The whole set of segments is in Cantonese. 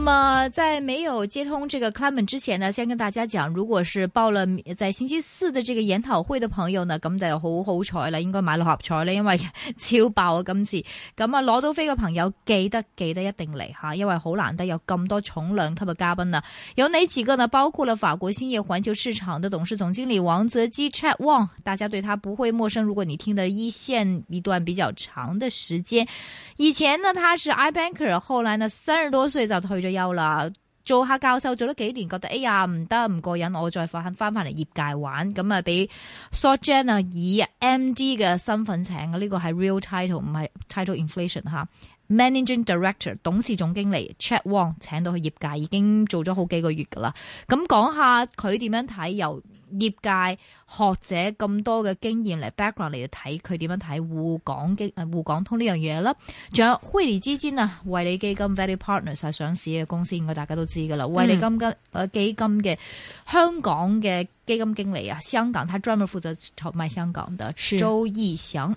那麼，在沒有接通這個 c l é m e n 之前呢，先跟大家講，如果是報了在星期四的這個研討會的朋友呢，咁就在好彩啦，應該買六合彩了，因為超爆啊今次。咁啊，羅多飛嘅朋友記得記得一定嚟吓，因為好難得有咁多重量級嘅嘉賓呢。有哪幾個呢？包括了法國興業環球市場的董事總經理王澤基 c h a t w o n g，大家對他不會陌生。如果你聽的一綫一段比較長的時間，以前呢他是 IBanker，後來呢三十多歲在退休。退休啦，做下教授做咗幾年，覺得哎呀唔得唔過癮，我再翻翻翻嚟業界玩。咁啊，俾 Sergeant 以 MD 嘅身份請嘅，呢、呢個係 real title，唔係 title inflation 吓。Managing Director 董事總經理 Chet Wong 請到去業界已經做咗好幾個月噶啦。咁講下佢點樣睇？業界學者咁多嘅經驗嚟 background 嚟睇，佢點樣睇滬港經誒滬港通呢樣嘢啦，仲有惠理之尖啊，惠、嗯、理基金，金 （Value Partners） 啊上市嘅公司，應該大家都知噶啦，惠、嗯、理基金誒基金嘅香港嘅基金經理啊，香港他專門負責炒賣香港嘅。周逸祥。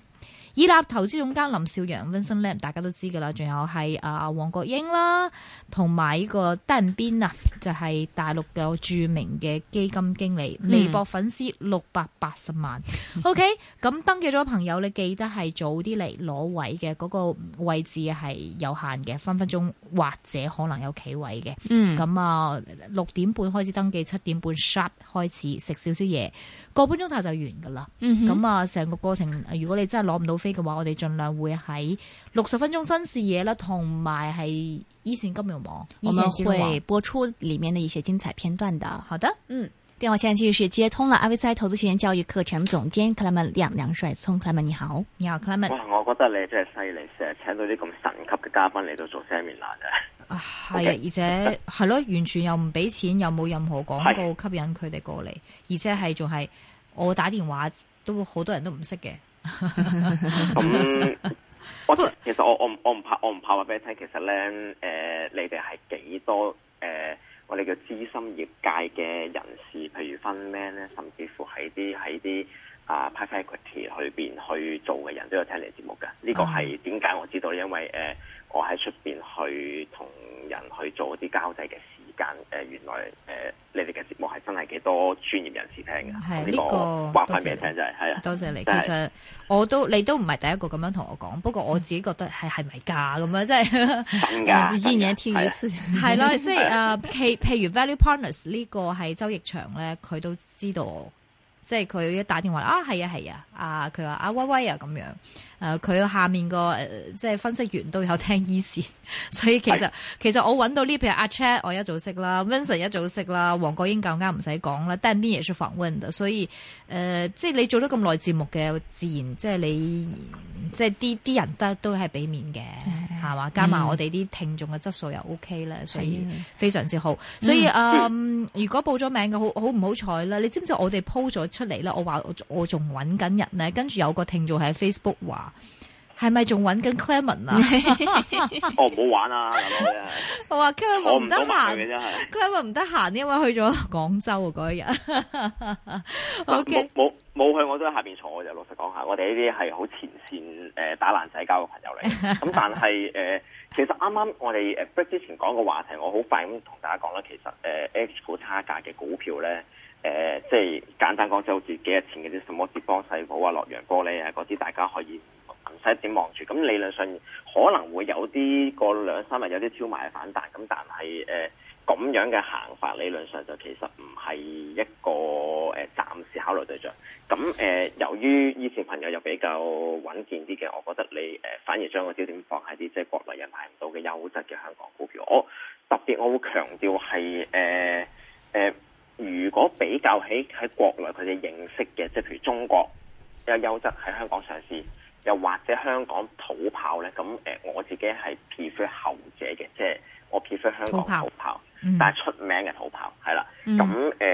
以立投資總監林少陽、Vincent Lam，大家都知噶啦，仲有係啊黃國英啦，同埋呢個鄧邊啊，就係大陸嘅著名嘅基金經理，微博粉絲六百八十萬。嗯、OK，咁 登記咗朋友你記得係早啲嚟攞位嘅，嗰、嗰個位置係有限嘅，分分鐘或者可能有企位嘅。嗯，咁啊六點半開始登記，七點半 shop 開始食少少嘢。個半鐘頭就完噶啦，咁啊成個過程，如果你真係攞唔到飛嘅話，我哋盡量會喺六十分鐘新視野啦，同埋係 e 線金融網。我們會播出裏面嘅一,一些精彩片段的。好的，嗯，電話線繼續是接通了。阿 V C 投資學院教育課程總監 c l a m 梁帥聰 c l a m 你好，你好 c l a m 我覺得你真係犀利，成日請到啲咁神級嘅嘉賓嚟到做 seminar 嘅啊，okay. 而且係咯， 完全又唔俾錢，又冇任何廣告吸引佢哋過嚟，而且係仲係。我打電話都好多人都唔識嘅。咁，我其實我我我唔怕我唔怕話俾你聽，其實咧，誒、呃，你哋係幾多誒、呃，我哋叫資深業界嘅人士，譬如分咩咧，甚至乎係啲喺啲啊 private equity 裏邊去做嘅人都有聽你節目嘅。呢個係點解我知道？因為誒、呃，我喺出邊去同人去做啲交際嘅事，誒、呃，原來誒、呃，你哋嘅節目係真係幾多專業人士聽嘅，係呢、嗯這個廣泛嘅聽係，真係多謝你。其實我都你都唔係第一個咁樣同我講，不過我自己覺得係係咪假咁樣？的的的的的的的的 即係真噶，啲嘢天意係咯，即係誒，譬如 Value Partners 呢個係周奕翔咧，佢都知道，即係佢一打電話啊，係啊係啊，啊佢話阿威威啊咁樣。誒、呃、佢下面個、呃、即係分析員都有聽 E 線，所以其實其實我揾到呢譬如阿 Chad 我一早識啦，Vincent 一早識啦，黃國英更加唔使講啦，但邊亦屬防 wind，所以誒、呃、即係你做咗咁耐節目嘅，自然即係你即係啲啲人都都係俾面嘅係嘛，加埋我哋啲聽眾嘅質素又 OK 啦，所以非常之好。所以誒、呃嗯，如果報咗名嘅好好唔好彩啦？你知唔知我哋 post 咗出嚟咧？我話我我仲揾緊人咧，跟住有個聽眾喺 Facebook 話。係咪仲搵緊 Clement 啊？ 哦，唔好玩啊，大佬！我話 Clement 唔得閒，Clement 唔得閒，因為去咗廣州嗰、啊、日。冇冇、okay、去，我都喺下邊坐。就老實講下，我哋呢啲係好前線誒、呃，打爛仔交嘅朋友嚟。咁、 嗯、但係誒、呃，其實啱啱我哋誒，break 之前講個話題，我好快咁同大家講啦。其實誒，X 股差價嘅股票咧，誒、呃，即係簡單講，就好似幾日前嗰啲什麼浙江世寶啊、洛陽玻璃啊嗰啲，那些大家可以。唔使點望住咁，理論上可能會有啲過兩三日有啲超賣反彈咁，但係誒咁樣嘅行法理論上就其實唔係一個誒、呃、暫時考慮對象。咁誒、呃，由於以前朋友又比較穩健啲嘅，我覺得你、呃、反而將個焦點放喺啲即係國內人買唔到嘅優質嘅香港股票。我特別我會強調係誒誒，如果比較喺喺國內佢哋認識嘅，即係譬如中國比較優質喺香港上市。又或者香港土炮咧，咁誒我自己係 prefer 後者嘅，即係。我 prefer 香港嘅土炮，炮，但係出名嘅土炮係啦。咁誒誒誒，呢、呃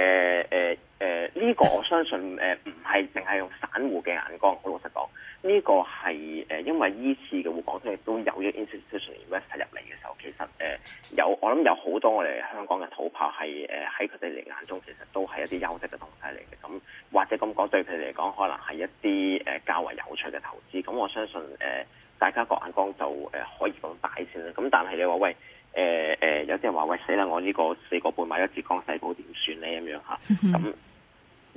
呃呃這個我相信誒唔係淨係用散戶嘅眼光。我老實講，呢、這個係誒，因為依次嘅滬港通亦都有咗 institutional investor 入嚟嘅時候，其實誒、呃、有我諗有好多我哋香港嘅土炮係誒喺佢哋嚟眼中，其實都係一啲優質嘅東西嚟嘅。咁或者咁講，對佢哋嚟講，可能係一啲誒較為有趣嘅投資。咁我相信誒、呃，大家個眼光就誒可以咁大先啦。咁但係你話喂？誒、呃、誒、呃，有啲人話喂死啦！我呢個四個半買咗浙江世寶點算咧？咁樣吓，咁、嗯、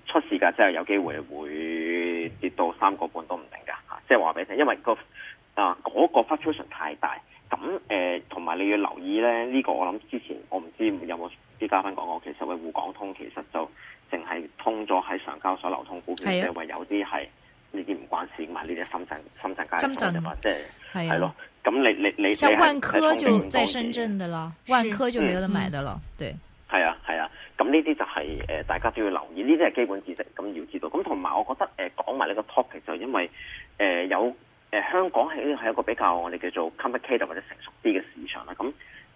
出事嘅真係有機會會跌到三個半都唔定噶吓、啊，即係話俾你聽，因為、嗰個啊嗰、嗰個 fluctuation 太大，咁誒，同、呃、埋你要留意咧呢、呢個，我諗之前我唔知有冇啲嘉賓講過、嗯，其實嘅滬港通其實就淨係通咗喺上交所流通股票、啊，即係話有啲係呢啲唔關事，同埋呢啲深圳深圳街深圳即係係咯。咁你你你你像萬科就在深圳的啦，萬科就冇得買的啦，對，係、嗯嗯、啊，係啊，咁呢啲就係誒大家都要留意，呢啲係基本知識，咁要知道。咁同埋我覺得誒講埋呢個 topic 就係因為誒、呃、有誒、呃、香港係係一個比較我哋叫做 complicated 或者成熟啲嘅市場啦，咁。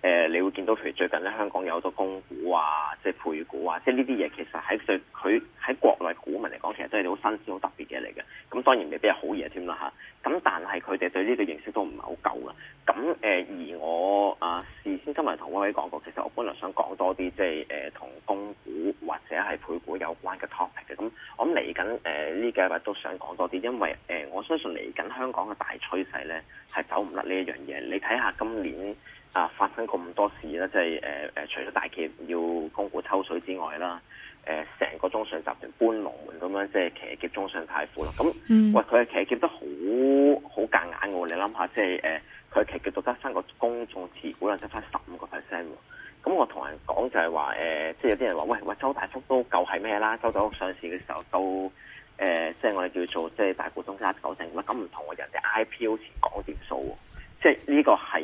誒、呃，你會見到譬如最近咧，香港有好多供股啊，即係配股啊，即係呢啲嘢其實喺佢喺國內股民嚟講，其實都係好新鮮、好特別嘅嘢嚟嘅。咁當然未必係好嘢添啦嚇。咁、啊、但係佢哋對呢個認識都唔係好夠啦。咁誒、呃，而我啊事先今日同威威講過，其實我本來想講多啲即係誒同供股或者係配股有關嘅 topic 嘅。咁我諗嚟緊誒呢幾日都想講多啲，因為誒、呃、我相信嚟緊香港嘅大趨勢咧係走唔甩呢一樣嘢。你睇下今年。啊！發生咁多事即係誒、呃、除咗大企業要供股抽水之外啦，誒、呃、成個中信集團搬龍門咁樣，即係騎劫中信泰富啦。咁、嗯，喂，佢嘅騎劫得好好夾硬喎。你諗下，即係誒，佢騎劫到得翻個公眾持股啦，得翻十五個 percent。咁我同人講就係話即係有啲人話：喂喂，周大福都夠係咩啦？周大福上市嘅時候都，誒、呃，即係我哋叫做即係大股東加九成啦。咁唔同喎，人哋 IPO 前講掂數。即係呢個係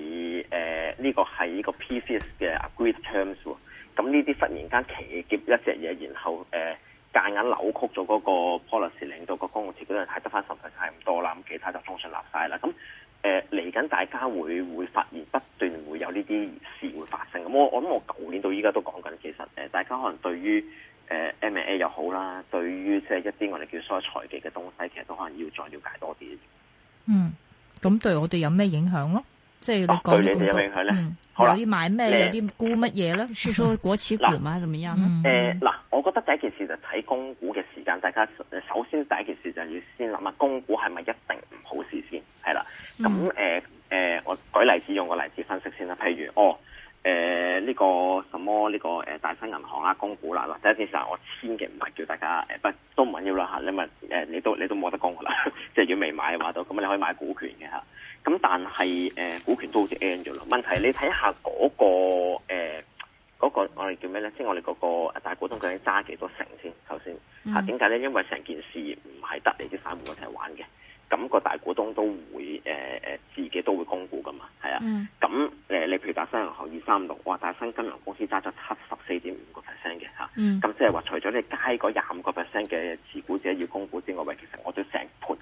誒呢個係呢個 PCS 嘅 agreed terms 喎，咁呢啲忽然間企結一隻嘢，然後誒夾、呃、硬扭曲咗嗰個 policy 令到個公共處嗰度係得翻十份，太唔多啦，咁其他就通常立晒啦。咁誒嚟緊大家會會發現不斷會有呢啲事會發生。咁我我諗我舊年到依家都講緊，其實誒、呃、大家可能對於誒、呃、M&A 又好啦，對於即係一啲我哋叫所謂財技嘅東西，其實都可能要再了解多啲。嗯。咁對我哋有咩影響咯？即係你講有影響咧、哦就是嗯，有啲買咩，有啲沽乜嘢咧？輸出股指盤啊咁樣。誒，嗱、嗯呃嗯，我覺得第一件事就睇供股嘅時間。大家首先第一件事就要先諗下供股係咪一定唔好事先？係啦。咁誒誒，我舉例子用個例子分析先啦。譬如哦。誒、呃，呢、這個什麼呢、這個誒、呃，大新銀行啊，供股啦，嗱，第一件事我千祈唔係叫大家誒，呃、都不都唔緊要啦吓，你咪誒、呃，你都你都冇得供噶啦，即係如果未買嘅話都，咁你可以買股權嘅吓，咁、啊、但係誒、呃，股權都好似 end 咗啦，問題你睇下嗰個誒，嗰、呃，那個我哋叫咩咧，即係我哋嗰、那個大股東究竟揸幾多成先，頭先吓，點解咧？因為成件事唔係得你啲散戶一齊玩嘅。咁、那個大股東都會誒誒、呃、自己都會供股噶嘛，係啊。咁、mm. 誒、呃，你譬如大新銀行二三六，哇！大新金融公司揸咗七十四點五個 percent 嘅吓。咁即係話，mm. 除咗你街嗰廿五個 percent 嘅持股者要供股之外，喂，其實我都成盤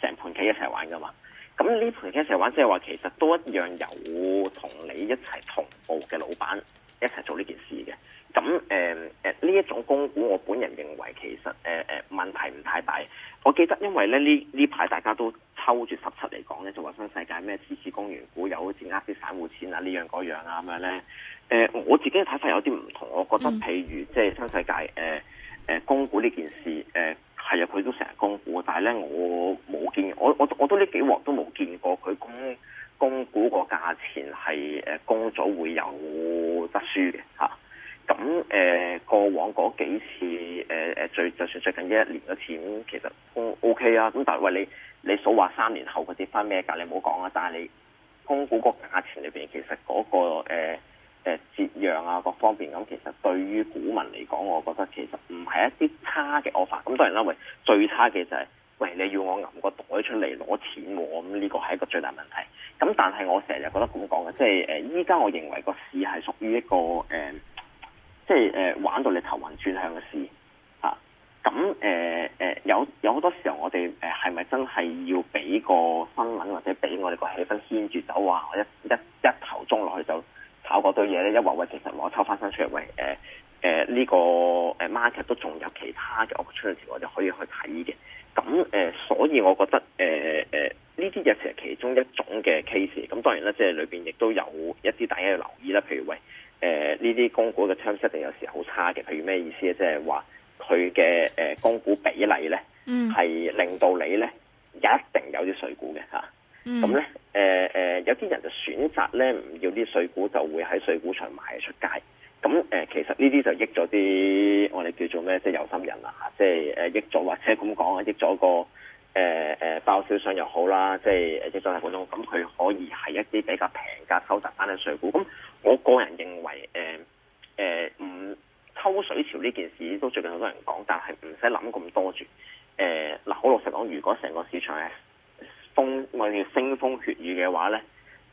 成盤棋一齊玩噶嘛。咁呢盤棋一齊玩，即係話其實都一樣有同你一齊同步嘅老闆。一齊做呢件事嘅，咁誒誒呢一種供股，我本人認為其實誒誒、呃、問題唔太大。我記得因為咧呢呢排大家都抽住十七嚟講咧，就話新世界咩次次供完股有好似呃啲散戶錢啊呢樣嗰樣啊咁樣咧。誒、呃，我自己嘅睇法有啲唔同，我覺得譬如即係新世界誒誒、呃呃，供股呢件事誒係啊，佢、呃、都成日供股，但係咧我冇見，我我我都呢幾鑊都冇見過佢供。供股個價錢係誒供咗會有得輸嘅，吓，咁誒過往嗰幾次、呃、最就算最近呢一年嘅錢，其實都 O K 啊，咁但係喂，你你數話三年後佢跌返咩價，你唔好講啊！但係你供股個價錢裏面，其實嗰、那個誒誒折讓啊，各方面咁，其實對於股民嚟講，我覺得其實唔係一啲差嘅 option，咁當然啦，喂，最差嘅就係、是。喂，你要我揞個袋出嚟攞錢喎？咁呢個係一個最大問題。咁但係我成日覺得咁講嘅，即係誒依家我認為個市係屬於一個、呃、即係、呃、玩到你頭暈轉向嘅市嚇。咁、啊、誒、呃呃、有有好多時候我哋誒係咪真係要俾個新聞或者俾我哋個氣氛牽住走？話我一一一頭衝落去就炒嗰堆嘢咧？一話喂，其實我抽翻身出嚟，喂誒呢個 market 都仲有其他嘅 opportunity 我哋可以去睇嘅。咁誒、呃，所以我覺得誒誒，呢啲嘢其實其中一種嘅 case。咁當然啦，即係裏邊亦都有一啲大家要留意啦。譬如喂，誒呢啲供股嘅 terms 有時好差嘅。譬如咩意思咧？即係話，佢嘅誒供股比例咧，係、嗯、令到你咧一定有啲碎股嘅吓。咁咧誒誒，有啲人就選擇咧唔要啲碎股，就會喺碎股上賣出街。咁、嗯、誒、呃，其實呢啲就益咗啲我哋叫做咩，即係有心人啦、啊，即係誒益咗，或者咁講啊，益咗個誒誒包銷商又好啦，即係誒益咗大盤咯。咁、嗯、佢可以係一啲比較平價收集翻啲水股。咁、嗯、我個人認為誒誒，唔、呃、抽、呃、水潮呢件事都最近好多人講，但係唔使諗咁多住。誒、呃、嗱，好老實講，如果成個市場係風我哋叫腥風血雨嘅話咧。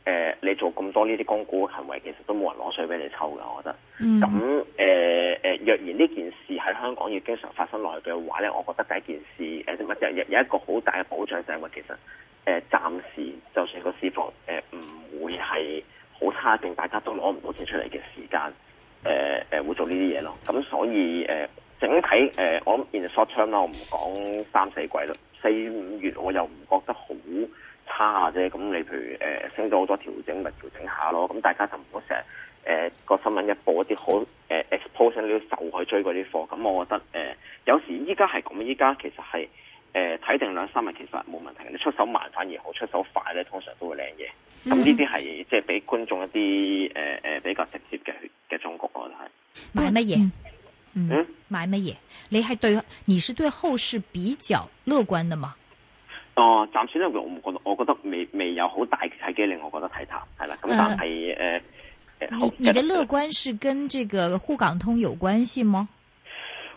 誒、呃，你做咁多呢啲供股行為，其實都冇人攞水俾你抽㗎，我覺得。咁誒誒，若然呢件事喺香港要經常發生落去嘅話咧，我覺得第一件事誒、呃，有一個好大嘅保障就係話，其實誒、呃、暫時就算個市況誒唔會係好差勁，大家都攞唔到錢出嚟嘅時間，誒、呃、誒、呃、會做呢啲嘢咯。咁所以誒、呃、整體誒、呃，我諗 in short term 啦，我唔講三四季啦，四五月我又唔覺得好差啊啫，咁你譬如誒、呃、升咗好多調整咪調整下咯，咁大家就唔好成日誒個新聞一報一啲好誒 exposing 你啲受去追嗰啲貨，咁我覺得誒、呃、有時依家係咁，依家其實係誒睇定兩三日其實冇問題，你出手慢反而好，出手快咧通常都會靚嘢。咁呢啲係即係俾觀眾一啲誒誒比較直接嘅嘅總結咯，係買乜嘢？嗯，買乜嘢？你係對你係對後市比較樂觀嘅嘛？哦、呃，暫時咧，我唔覺得，我覺得未未有好大嘅契機，令我覺得睇淡，係啦。咁但係、呃 uh, 呃、你嘅樂觀是跟這個滬港通有關係嗎？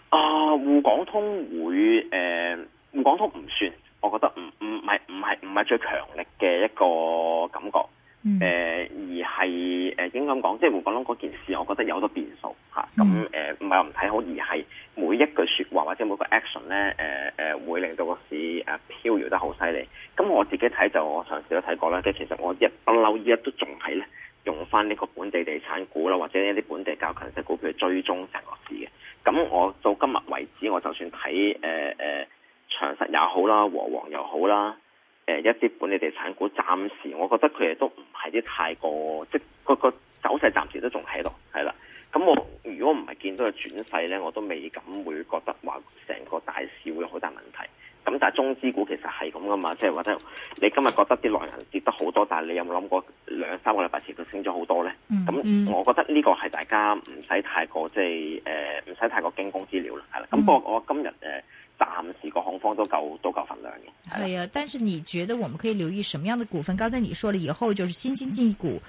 啊、呃，滬港通會誒，滬、呃、港通唔算，我覺得唔唔係唔係唔係最強力嘅一個感覺。誒、嗯呃，而係誒應該咁講，即係滬港通嗰件事，我覺得有好多變數嚇。咁誒唔係唔睇好，而係每一句說話或者每個 action 咧，誒、呃、誒、呃、會令到個。飄搖得好犀利，咁我自己睇就我上次都睇過啦，即係其實我一不嬲依家都仲係咧，用翻呢個本地地產股啦，或者一啲本地較強勢股票去追蹤成個市嘅。咁我到今日為止，我就算睇誒誒長實也好啦，和黃又好啦，誒、呃、一啲本地地產股，暫時我覺得佢哋都唔係啲太過，即係嗰個走勢暫時都仲喺度，係啦。咁我如果唔係見到佢轉勢咧，我都未敢會覺得話成個大。資股其實係咁噶嘛，即係或者你今日覺得啲內銀跌得好多，但係你有冇諗過兩三個禮拜前都升咗好多咧？咁、嗯嗯、我覺得呢個係大家唔使太過即係誒，唔、呃、使太過驚慌失措啦，係啦。咁、嗯、不過我我今日誒、呃、暫時個恐慌都夠都夠份量嘅。係啊，但是你覺得我們可以留意什麼樣嘅股份？剛才你説了以後，就是新經濟股、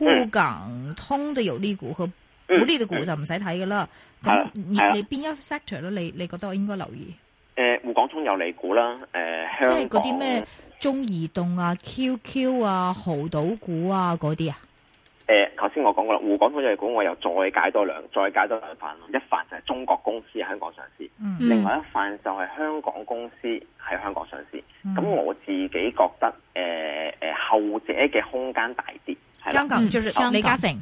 滬港、嗯、通的有利股和不利的股就唔使睇噶啦。咁、嗯嗯、你你邊一 sector 咧？你的的你，你覺得我應該留意？滬港通有利股啦，誒、呃、香港即係嗰啲咩中移動啊、QQ 啊、豪賭股啊嗰啲啊。誒、呃，頭先我講過啦，滬港通有利股，我又再解多兩，再解多兩番咯。一番就係中國公司喺香港上市、嗯，另外一番就係香港公司喺香港上市。咁、嗯、我自己覺得，誒、呃、誒後者嘅空間大啲、嗯。香港、嗯、就係李嘉誠，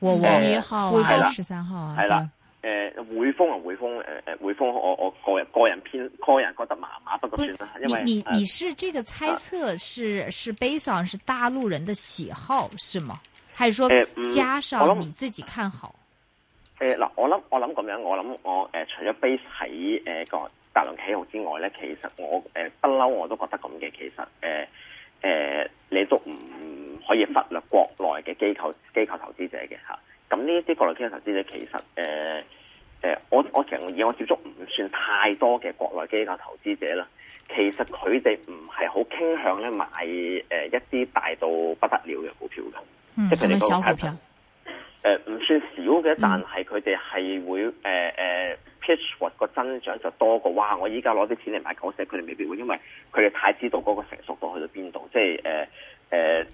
和和你好，十三號啊。呃誒、呃，匯豐啊，匯豐誒誒，匯、呃、豐我我個人個人偏個人覺得麻麻，不過算啦。因為你你你是這個猜測是、呃、是 based on 是大陸人的喜好是嗎？還是說加上你自己看好？誒、呃、嗱，我諗我諗咁樣，我諗我誒、呃，除咗 base 喺誒個大陸喜好之外咧，其實我誒不嬲我都覺得咁嘅。其實誒誒、呃呃，你都唔可以忽略國內嘅機構機、嗯、構投資者嘅吓。咁呢一啲國內基金投資者、呃呃、者，其實誒誒，我我其實以我接觸唔算太多嘅國內基金投資者啦。其實佢哋唔係好傾向咧買誒一啲大到不得了嘅股票嘅，嗯，即係佢哋個股票誒唔、呃、算少嘅，但係佢哋係會誒誒 pitch 個增長就多過哇！我依家攞啲錢嚟買狗屎，佢哋未必會，因為佢哋太知道嗰個成熟度去到邊度，即係誒誒。咁、呃呃嗯、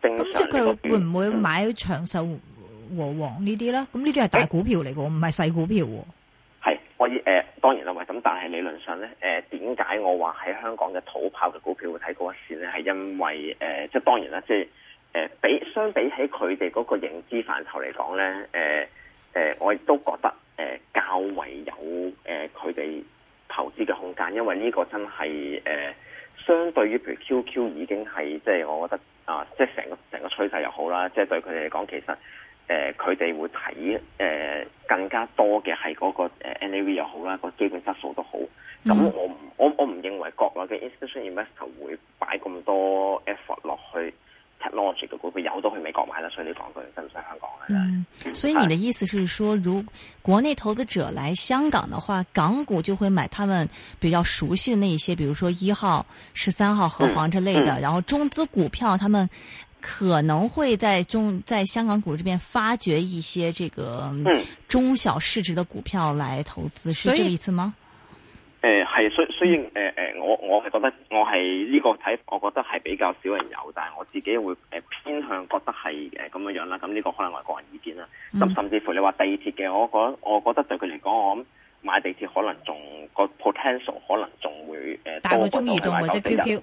正常、即係佢會唔會買長壽？和黃這些呢啲啦，咁呢啲係大股票嚟嘅，唔係細股票。係，我誒、呃，當然啦，咪咁？但係理論上咧，誒、呃，點解我話喺香港嘅土炮嘅股票會睇高一線咧？係因為誒、呃，即係當然啦，即係誒、呃，比相比起佢哋嗰個認知範疇嚟講咧，誒、呃、誒、呃，我亦都覺得誒、呃、較為有誒佢哋投資嘅空間，因為呢個真係誒、呃，相對於譬如 Q Q 已經係即係，我覺得啊、呃，即係成個成個趨勢又好啦，即係對佢哋嚟講，其實。誒佢哋會睇誒、呃、更加多嘅係嗰個誒、呃、NAV 又好啦，個基本質素都好。咁、嗯、我唔我我唔認為國內嘅 institution investor 會擺咁多 effort 落去 technology 嘅股票，有都去美國買啦。所以你講句「真唔使香港？」嘅啦。所以你的意思是說，如果國內投資者來香港嘅話，港股就會買他們比較熟悉嘅那一些，比如說一號、十三號、和黃之類嘅、嗯嗯，然後中資股票，他們。可能會在中，在香港股這邊發掘一些這個中小市值的股票來投資，嗯、是這個意思嗎？誒、呃，係，雖雖然誒誒，我我係覺得我係呢個睇，我覺得係、這個、比較少人有，但係我自己會誒、呃、偏向覺得係誒咁樣樣啦。咁、這、呢個可能係我個人意見啦。咁、嗯、甚至乎你話地鐵嘅，我我我覺得對佢嚟講，我諗買地鐵可能仲個 potential 可能仲會誒。但係我中意到或者 Q Q。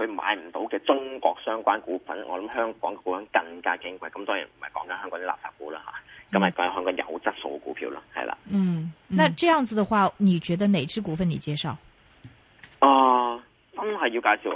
佢買唔到嘅中國相關股份，我諗香港股份更加矜貴。咁當然唔係講緊香港啲垃圾股啦吓，咁係講香港有質素嘅股票啦，係啦。嗯，那這樣子的話，你覺得哪支股份你介紹？啊，真係要介紹、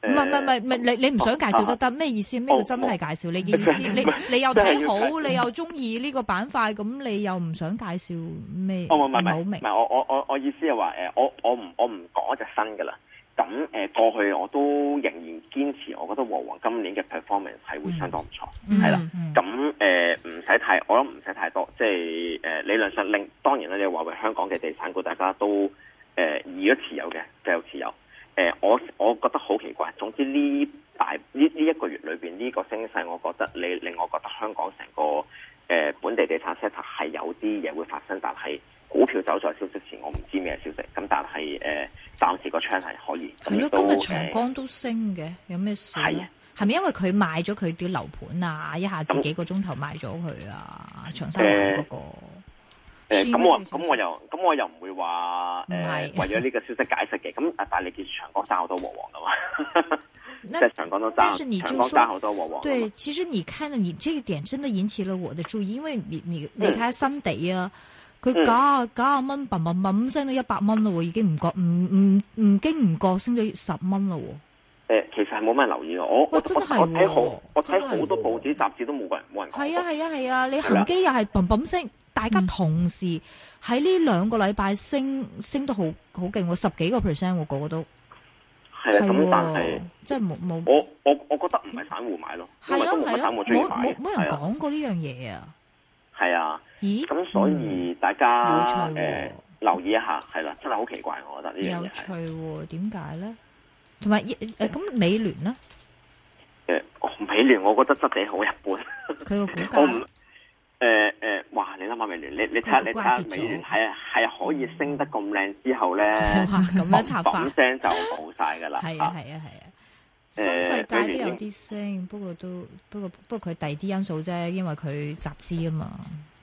呃、啊？唔係唔係，你你唔想介紹都得咩意思？咩叫真係介紹、哦？你嘅意思，哦、 你你又睇好，你又中意呢個板塊，咁 你又唔想介紹咩、哦？我我唔明，唔係我我我我意思係話，誒，我我唔我唔講隻新噶啦。咁誒、呃、過去我都仍然堅持，我覺得和黃今年嘅 performance 係會相當唔錯，係、嗯、啦。咁誒唔使太，我諗唔使太多，即係誒理論上令當然啦，你話為香港嘅地產股大家都誒而家持有嘅就。升嘅有咩事？係係咪因為佢賣咗佢啲樓盤啊？一下子幾個鐘頭賣咗佢啊、嗯？長沙灣嗰、那個，咁、嗯嗯嗯嗯嗯嗯、我咁、嗯、我又咁、嗯、我又唔會話、呃、為咗呢個消息解釋嘅。咁但你見住長江生好多和黃噶嘛？即 係長江都你長江好多和黃。對，其實你看了你這個點真的引起了我的注意，因為你，你睇下新地啊，佢九九廿蚊升到一百蚊咯，已經唔覺唔唔唔驚唔覺，升咗十蚊咯。誒，其實係冇乜人留意嘅我我真、啊、我我睇好，我睇好多報紙、雜誌都冇個人冇人。係啊係啊係啊，啊，你恒基又係嘭嘭升，大家同時喺呢兩個禮拜升升得好好勁、哦，十幾個 percent，、啊、個個都係啊，咁、啊、但係即係冇冇我我我覺得唔係散戶買咯，係咯，唔冇冇人講過呢樣嘢啊，係啊，啊，啊，啊，咦？咁所以大家、嗯有趣哦呃、留意一下，係啦、啊，真係好奇怪，我覺得、哦、呢有趣喎？點解咧？同埋，誒咁美聯咧？誒、呃，美聯我覺得質地好一般他的、啊。佢個股價，誒、呃、誒、呃，哇！你諗下美聯，你你睇你睇美聯，係係可以升得咁靚之後咧，咁樣炒翻聲就冇晒噶啦。係啊係啊係啊，新、啊啊啊啊呃、世界都有啲升，不過都不過不過佢第二啲因素啫，因為佢集資啊嘛。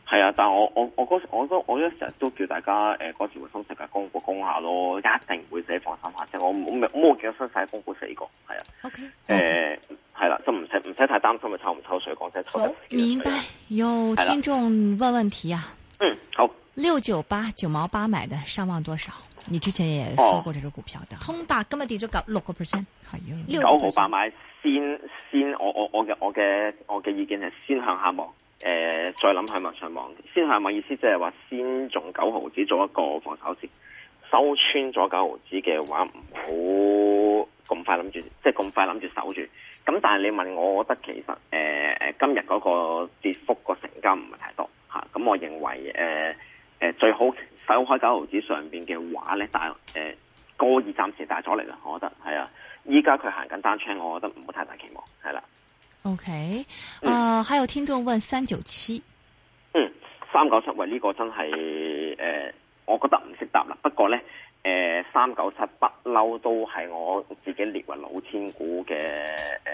係啊，但係我我我嗰時我都我一成日都叫大家誒，嗰、呃、時會分析下港股供下咯，一定唔會死，放心下啫。我冇冇見到新世港股死過，係啊。O K，誒，係啦，都唔使唔使太擔心啊，抽唔抽水，講真，抽得。明白，有聽眾問問題啊，啊。嗯，好。六九八九毛八買嘅，上望多少？你之前也說過這隻股票的、哦、通達，今日跌咗六六個 percent。好，六九五八買，先先我我我嘅我嘅我嘅意見係先向下望。誒、呃，再諗下物上望，先下咪意思即係話先用九毫子做一個防守先，收穿咗九毫子嘅話，唔好咁快諗住，即係咁快諗住守住。咁但係你問我，我覺得其實誒誒、呃，今日嗰個跌幅個成交唔係太多吓，咁我認為誒誒、呃呃、最好收開九毫子上邊嘅話咧，大誒高二暫時帶咗嚟啦，我覺得係啊。依家佢行緊單車，我覺得唔好太大期望，係啦。OK，啊、呃嗯，還有聽眾問三九七。嗯，三九七位呢、這個真係誒、呃，我覺得唔識答啦。不過呢，誒、呃，三九七不嬲都係我自己列為老千股嘅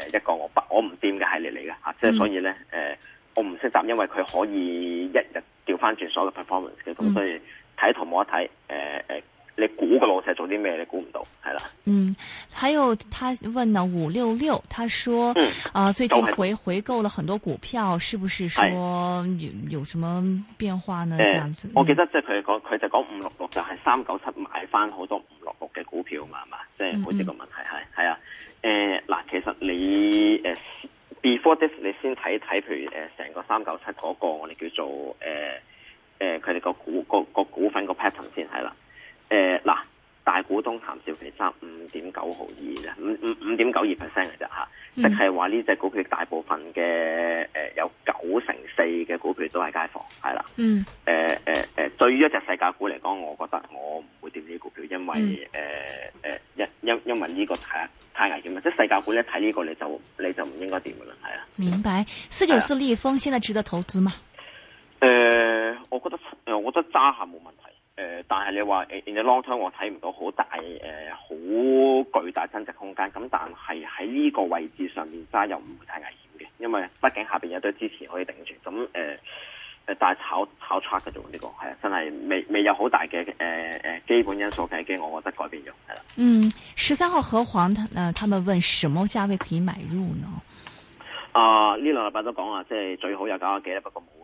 誒一個我不我唔掂嘅系列嚟嘅吓，即、嗯、係所以呢，誒、呃，我唔識答，因為佢可以一日調翻轉所有嘅 performance 嘅，咁所以睇圖冇得睇誒誒。呃呃你估個老細做啲咩？你估唔到，係啦。嗯，還有他問呢，五六六，他說、嗯，啊，最近回回購了很多股票，是不是說有是有什麼變化呢？呃、這樣子，嗯、我記得即係佢講，佢就講五六六就係三九七買翻好多五六六嘅股票嘛，係嘛，即係好似個問題係係啊。誒、嗯嗯，嗱、呃，其實你誒、呃、，before this 你先睇睇，譬如誒，成、呃、個三九七嗰個我哋叫做誒誒，佢、呃、哋、呃、個股個個股份個 pattern 先係啦。股東含少其三五點九毫二啫，五五五點九二 percent 嘅啫吓，即係話呢隻股票大部分嘅誒、呃、有九成四嘅股票都係街貨係啦，誒誒誒，對於一隻世界股嚟講，我覺得我唔會掂呢啲股票，因為誒誒因因因為呢個太太危險啦，即係世界股咧睇呢個你就你就唔應該掂噶啦，係啦。明白。四九四利豐現在值得投資嗎、嗯？誒、嗯，我覺得誒，我覺得揸下冇問題。誒、呃，但係你話 in the long term，我睇唔到好大誒，好、呃、巨大增值空間。咁但係喺呢個位置上面，揸又唔會太危險嘅，因為畢竟下邊有堆支持可以頂住。咁誒誒，但係炒炒叉嘅啫，呢、這個係啊，真係未未有好大嘅誒誒，基本因素嘅嘅，我覺得改變咗係啦。嗯，十三號和黃，他呢？他們問什麼價位可以買入呢？啊、呃，呢兩禮拜都講啊，即係最好有九啊幾啦，不過冇。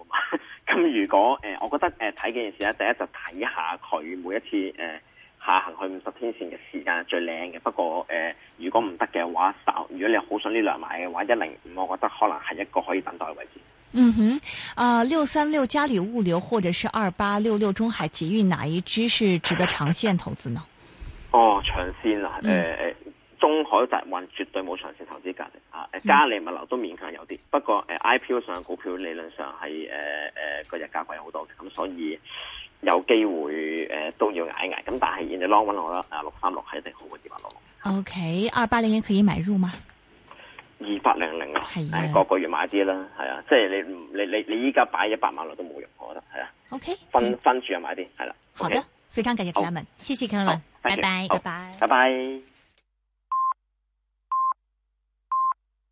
咁 如果誒、呃，我覺得誒睇件事咧，第一就睇下佢每一次誒、呃、下行去五十天線嘅時間係最靚嘅。不過誒、呃，如果唔得嘅話，十如果你好想呢兩買嘅話，一零五我覺得可能係一個可以等待嘅位置。嗯哼，啊六三六嘉里物流，或者是二八六六中海集運，哪一隻是值得長線投資呢、嗯？哦，長線啊，誒、呃。嗯中海集運絕對冇長線投資價值啊！嘉利物流都勉強有啲、嗯，不過誒，IPO 上嘅股票理論上係誒誒個溢價貴好多嘅，咁所以有機會誒、呃、都要捱捱。咁但係現在 long 我啦，覺得啊六三六係一定好過二百六。O K. 二八零零可以買入嗎？二八零零啊，係啊，個個月買啲啦，係啊，即係你你你你依家擺一百萬落都冇用，我覺得係啊。O、okay, K. 分分住啊買啲，係啦。好的，非常感謝 Kelvin，l v i n 謝謝 Kelvin 拜拜拜拜拜。